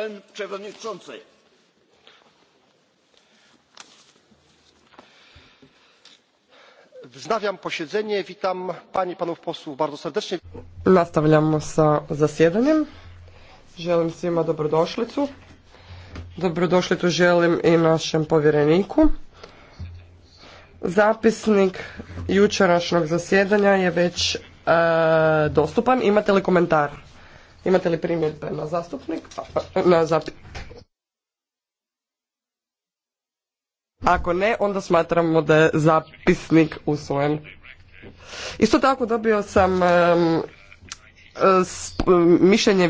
Pan przewodniczący. Wznawiam posiedzenie. Witam panie i panów posłów bardzo serdecznie. Nastavljamo sa zasjedanjem. Želim svima dobrodošlicu. Dobrodošlicu želim i našem povjereniku. Zapisnik jučerašnjeg zasjedanja je već e, dostupan. Imate li komentar? Imate li primjedbe na zastupnik? Pa, pa, na zapisnik Ako ne, onda smatramo da je zapisnik usvojen. Isto tako dobio sam mišljenje